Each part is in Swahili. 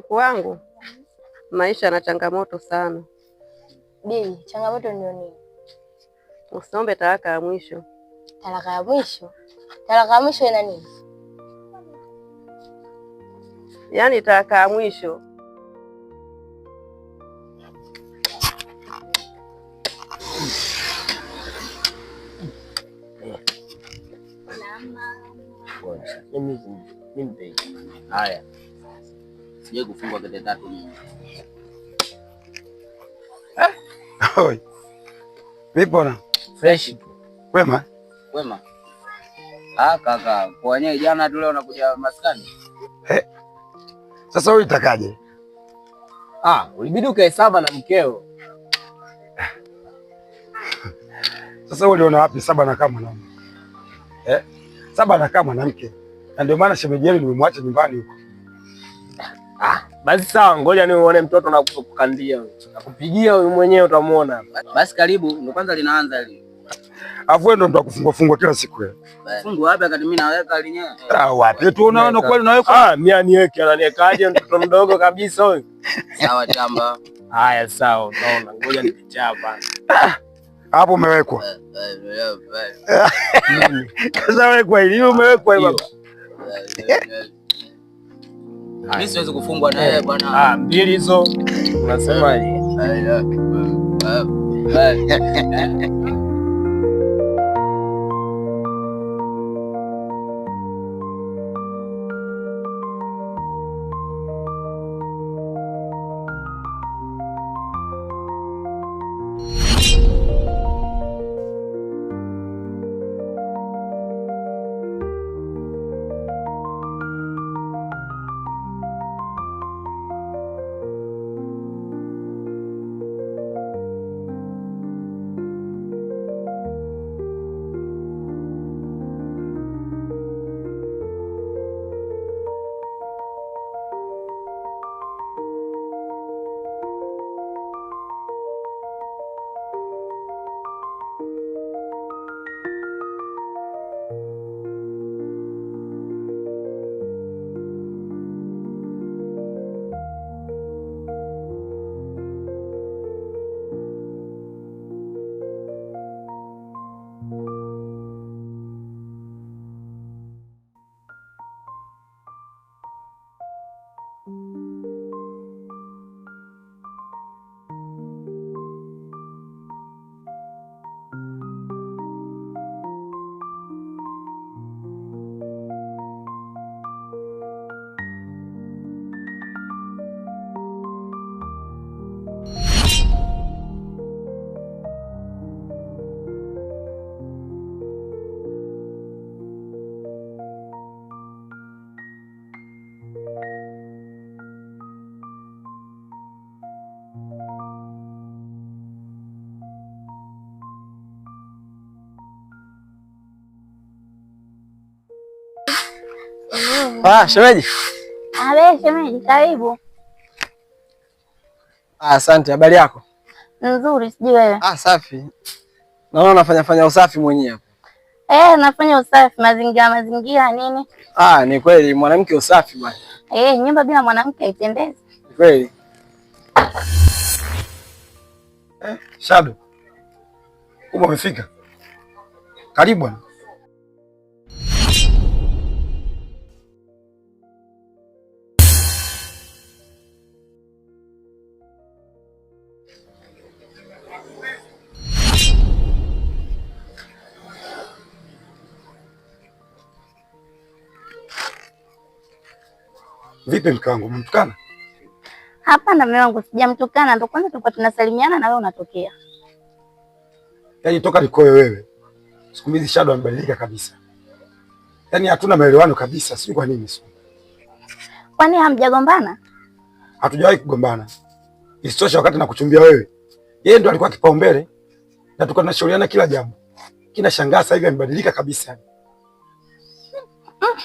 mjukuu wangu maisha na changamoto sana. Bi, changamoto ndio nini? Usiombe talaka ya mwisho. Talaka ya mwisho? Talaka ya mwisho ina nini? Yaani talaka ya mwisho haya Sijai kufungwa kete tatu mimi. Eh? Oi. Vipo na? Fresh. Kwema? Kwema. Ah, kaka, kwa wenyewe jana tu leo nakuja maskani. Eh. Sasa wewe utakaje? Ah, ulibidi ukae saba na mkeo. Sasa wewe uliona wapi saba na kama na? Eh? Saba na kama na mke. Na ndio maana shemeji yenu nimemwacha nyumbani huko. Basi sawa, ngoja ni uone mtoto na kukandia, nakupigia wewe mwenyewe utamuona. Basi karibu, ndo kwanza linaanza hili. Afu wewe ndo ndo kufungwa fungwa kila siku wewe. Fungu wapi akati mimi naweka lenyewe? Ah, wapi? Tu unaona kweli naweka. Ah, mimi aniweke ananiwekaje mtoto mdogo kabisa huyu. Sawa chamba. Haya sawa, unaona ngoja nikichapa. Hapo umewekwa. Kaza wewe kwa hili umewekwa baba. Eh, eh, eh, mimi siwezi kufungwa na yeye bwana. Ah, mbili hizo unasemaje? Ah, shemeji. Ah, shemeji, karibu. Ah, asante. Habari yako? Nzuri, sijui wewe. Ah, safi. Naona unafanya fanya usafi mwenyewe. Eh, nafanya usafi mazingira mazingira nini? Ah, ni kweli mwanamke usafi bwana. Eh, nyumba bila mwanamke haipendezi. Ni kweli. Eh, Shabu. Kumbe umefika. Karibu bwana. Vipi mke wangu, mtukana? Hapana mume wangu, sijamtukana. Ndio kwanza tulikuwa tunasalimiana na wewe unatokea. Yaani toka nikoe wewe, siku hizi Shadow amebadilika kabisa, yaani hatuna maelewano kabisa, sijui kwa nini. Kwani hamjagombana? Hatujawahi kugombana, isitosha wakati nakuchumbia wewe, yeye ndo alikuwa kipaumbele na tulikuwa tunashauriana kila jambo. Kinashangaa sasa hivi amebadilika kabisa. Mm, mm.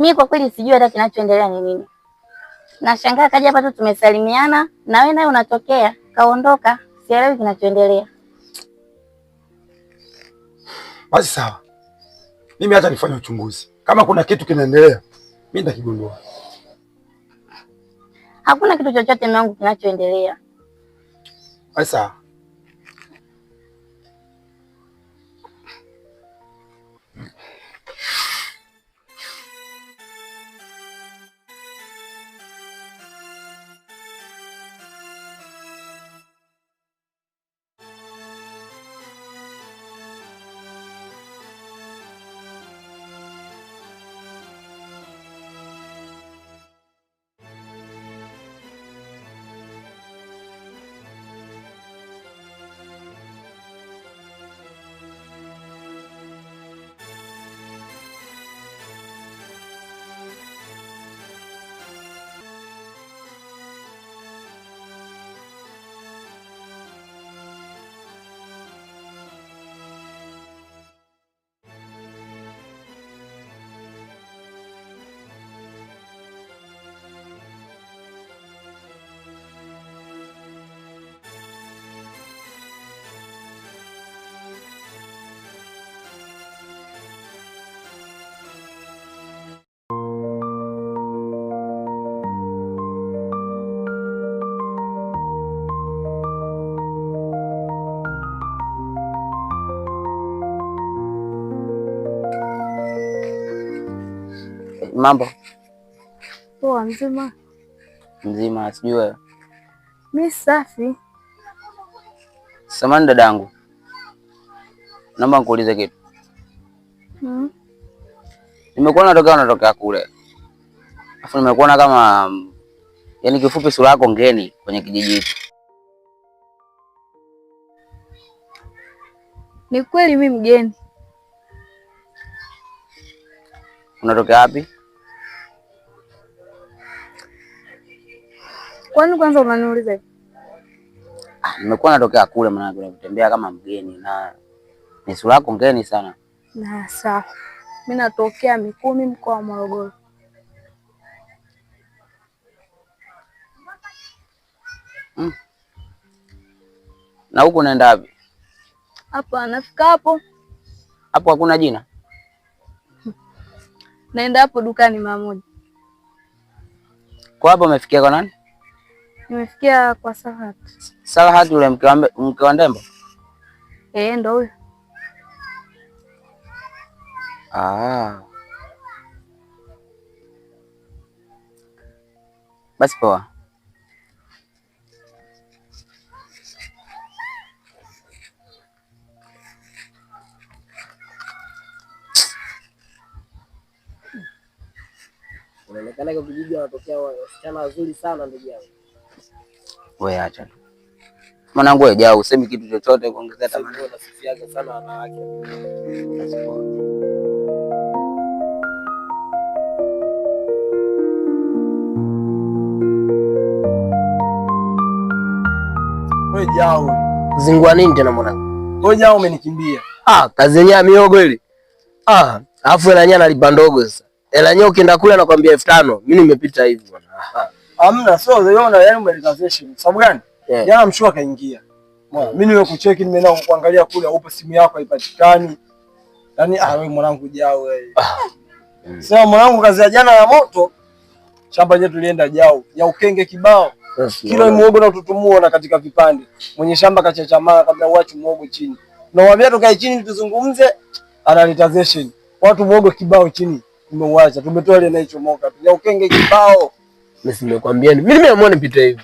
Mimi kwa kweli sijui hata kinachoendelea ni nini. Nashangaa kaja hapa tu tumesalimiana na wewe naye unatokea kaondoka, sielewi kinachoendelea. Basi sawa, mimi hata nifanye uchunguzi kama kuna kitu kinaendelea, mimi nitakigundua. Hakuna kitu chochote mwangu kinachoendelea. Basi sawa. Mambo poa? Mzima mzima, sijui wewe? Mi safi. Samani dadangu, naomba nikuulize kitu. Hmm. Nimekuwa natokea unatokea kule, afu nimekuona kama yaani, kifupi sura yako ngeni kwenye kijiji hicho. Ni kweli mi mgeni? Unatokea wapi? Kwani kwanza unaniuliza hivi? Ah, nimekuwa natokea kule maana unatembea kama mgeni na ni sura yako ngeni sana. Na sawa. Mimi natokea Mikumi mkoa wa Morogoro. Mm. Na huko unaenda wapi? Hapa nafika hapo. Hapo hakuna jina. Naenda hapo dukani mara moja. Kwa hapo umefikia kwa nani? Nimefikia kwa Salhat. sarahat yule mke wa Ndembo? Eh, ndo huyo. Ah. Basi poa. Unaonekana kijiji wanatokea wasichana wazuri sana ndugu yangu wewe acha tu mwanangu, wewe jao, usemi kitu chochote kuongezea tamaa. sana Wewe jao. Zingua nini tena mwanangu? Wewe jao umenikimbia. Ah, kazi yenyewe ya miogo ile. Ah, alafu hela yenyewe analipa ndogo sasa. Hela yenyewe ukienda kule anakuambia elfu tano. Mimi nimepita hivi bwana. Ah. ah. Hamna, sio unaona yani umelikazesha. Sababu gani? Jana mshua akaingia. Mimi niwe kucheki nimeenda kuangalia kule upo simu yako haipatikani. Yaani ah wewe mwanangu jao wewe. Ah. Mm. Sasa mwanangu kazi ya jana ya moto. Shamba yetu tulienda jao ya ukenge kibao. Kilo muogo na ututumua na katika vipande. Mwenye shamba kachachamaa kabla uache muogo chini. Na waambia tukae chini tuzungumze analitazesha. Watu muogo kibao chini. Tumeuacha, tumetoa ile inaichomoka. Ya ukenge kibao ni mimi nimeamua nipite hivi.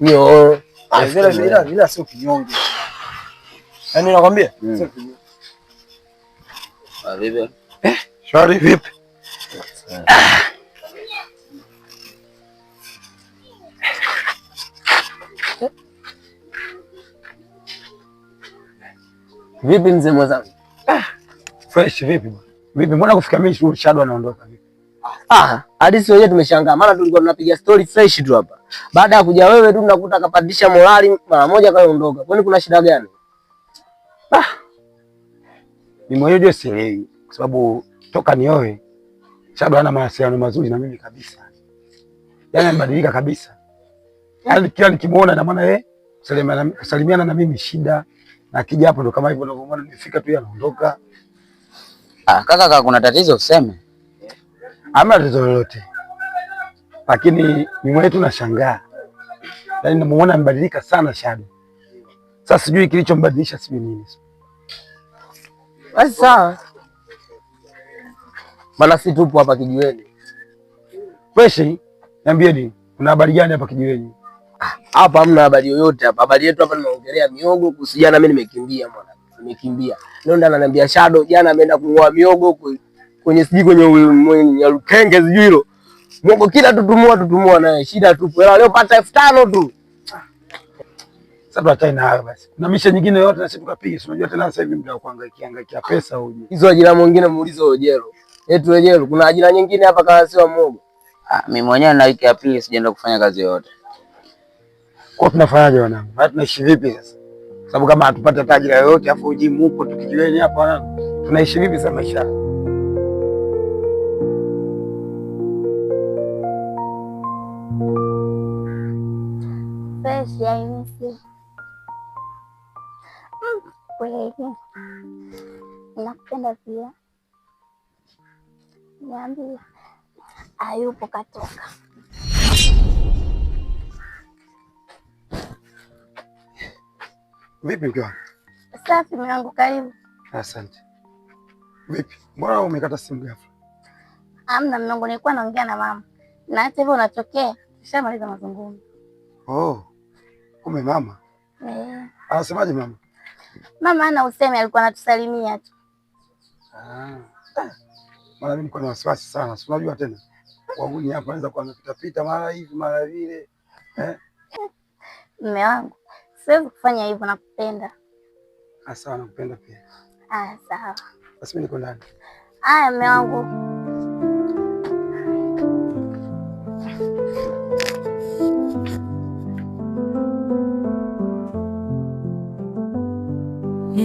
Nio. Ah, vile vile vile sio kinyonge. Yaani nakwambia sio kinyonge. Ah, vipi? Eh, shwari vipi? Vipi mzee mwenzangu? Ah, fresh vipi? Vipi mbona kufika mimi shuru Shadow anaondoka vipi? Ah, hadithi wenyewe tumeshangaa, maana tulikuwa tunapiga story fresh tu hapa. Baada ya kuja wewe tu nakuta akapandisha morali mara moja kaondoka. Kwani kuna shida gani? Ah. Ni moyo jo sielewi kwa sababu toka nioe Shabu ana mawasiliano mazuri na mimi kabisa. Yaani amebadilika kabisa. Yaani kila nikimuona na maana yeye kusalimiana kusalimiana na mimi shida na kija hapo ndo kama hivyo maana nifika tu yanaondoka. Ah, kaka kaka kuna tatizo useme. Hamna tatizo lolote, lakini mimi wetu nashangaa, yaani namuona amebadilika sana Shadu. Sasa sijui kilichombadilisha, sijui nini. Basi sawa, maana si tupo hapa kijiweni. Weshi, niambieni kuna habari gani hapa kijiweni? Ah, hapa hamna habari yoyote hapa. Habari yetu hapa nimeongelea miogo kusijana, mimi nimekimbia mwana. Nimekimbia. Leo ndo ananiambia Shado jana ameenda kungoa miogo kwenye sijui kwenye Alukenge sijui hilo Mungu kila tutumua tutumua naye shida tupo. Hela leo pata elfu tano tu. Sasa tuachane na hayo basi. kuna misha nyingine yote na sisi tukapiga. Unajua tena sasa hivi mtu kuangaikia angaikia pesa huyu. Hizo ajira mwingine muulize Ojero. Yetu Ojero kuna ajira nyingine hapa kama sio Mungu. Ah, mimi mwenyewe na wiki ya pili sijaenda kufanya kazi yote. Kwa tunafanyaje wanangu? Na tunaishi vipi sasa? Sababu kama hatupata tajira yoyote afu ujimu huko tukijiweni hapa wanangu. Tunaishi vipi sasa maisha? James kweli nakupenda pia. Niambia, hayupo katoka. Vipi mke wangu? Safi mke wangu, karibu. Asante. Vipi, mbona umekata simu ghafla? Amna mke wangu, nilikuwa naongea na mama na hata hivyo unatokea, tushamaliza mazungumzo. Oh. Kumbe mama eh. Anasemaje mama? Mama ana usemi, alikuwa anatusalimia tu. Ah. Mara mimi niko na wasiwasi sana, si unajua tena wauni hapa anaweza kuwa pita mara hivi mara vile eh? Mme wangu siwezi kufanya hivyo, nakupenda. Ah, sawa, nakupenda pia. Ah, sawa basi, mimi niko ndani. Aya, mme wangu